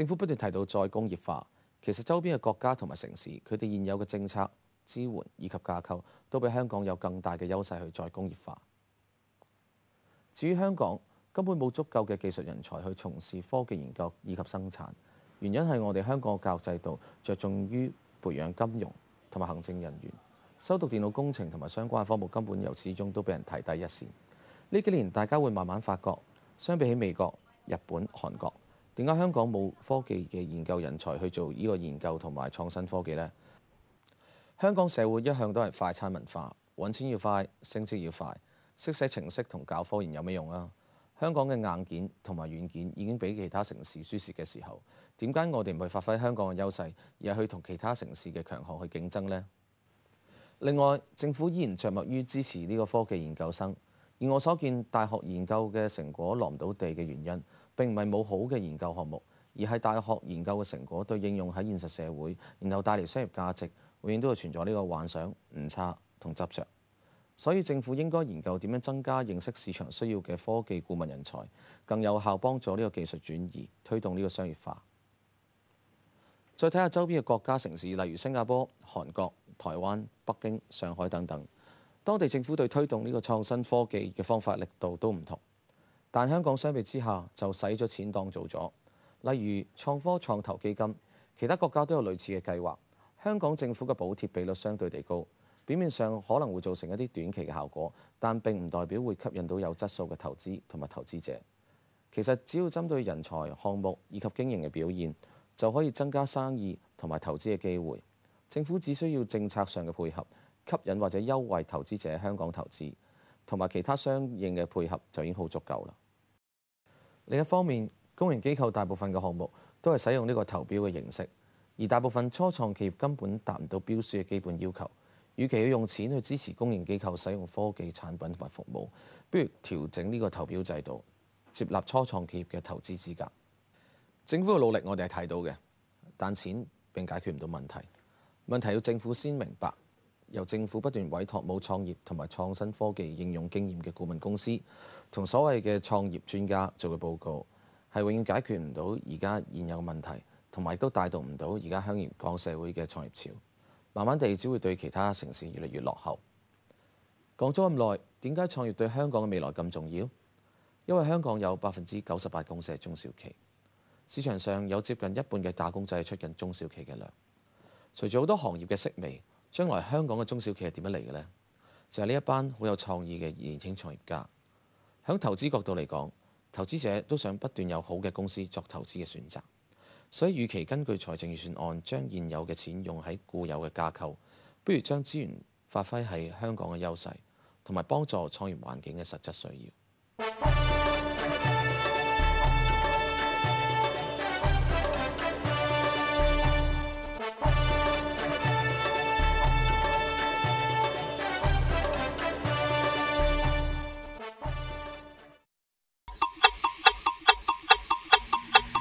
政府不斷提到再工業化，其實周邊嘅國家同埋城市，佢哋現有嘅政策支援以及架構，都比香港有更大嘅優勢去再工業化。至於香港，根本冇足夠嘅技術人才去從事科技研究以及生產。原因係我哋香港嘅教育制度着重於培養金融同埋行政人員，修讀電腦工程同埋相關嘅科目，根本由始終都俾人提低一線。呢幾年大家會慢慢發覺，相比起美國、日本、韓國。點解香港冇科技嘅研究人才去做呢個研究同埋創新科技呢？香港社會一向都係快餐文化，揾錢要快，升職要快，識寫程式同搞科研有咩用啊？香港嘅硬件同埋軟件已經比其他城市輸蝕嘅時候，點解我哋唔去發揮香港嘅優勢，而係去同其他城市嘅強項去競爭呢？另外，政府依然着墨於支持呢個科技研究生，而我所見大學研究嘅成果落唔到地嘅原因。並唔係冇好嘅研究項目，而係大學研究嘅成果對應用喺現實社會，然後帶嚟商業價值，永遠都係存在呢個幻想誤差同執着。所以政府應該研究點樣增加認識市場需要嘅科技顧問人才，更有效幫助呢個技術轉移，推動呢個商業化。再睇下周邊嘅國家城市，例如新加坡、韓國、台灣、北京、上海等等，當地政府對推動呢個創新科技嘅方法力度都唔同。但香港相比之下，就使咗錢當做咗，例如創科創投基金，其他國家都有類似嘅計劃，香港政府嘅補貼比率相對地高，表面上可能會造成一啲短期嘅效果，但並唔代表會吸引到有質素嘅投資同埋投資者。其實只要針對人才項目以及經營嘅表現，就可以增加生意同埋投資嘅機會，政府只需要政策上嘅配合，吸引或者優惠投資者香港投資。同埋其他相應嘅配合就已經好足夠啦。另一方面，公營機構大部分嘅項目都係使用呢個投標嘅形式，而大部分初創企業根本達唔到標書嘅基本要求。與其要用錢去支持公營機構使用科技產品同埋服務，不如調整呢個投標制度，接納初創企業嘅投資資格。政府嘅努力我哋係睇到嘅，但錢並解決唔到問題。問題要政府先明白。由政府不斷委託冇創業同埋創新科技應用經驗嘅顧問公司，同所謂嘅創業專家做嘅報告，係永遠解決唔到而家現有嘅問題，同埋都帶動唔到而家香港社會嘅創業潮。慢慢地，只會對其他城市越嚟越落後。講咗咁耐，點解創業對香港嘅未來咁重要？因為香港有百分之九十八公司係中小企，市場上有接近一半嘅打工仔出緊中小企嘅糧。隨住好多行業嘅式微，將來香港嘅中小企係點樣嚟嘅呢？就係、是、呢一班好有創意嘅年輕創業家。響投資角度嚟講，投資者都想不斷有好嘅公司作投資嘅選擇。所以，與其根據財政預算案，將現有嘅錢用喺固有嘅架構，不如將資源發揮喺香港嘅優勢，同埋幫助創業環境嘅實質需要。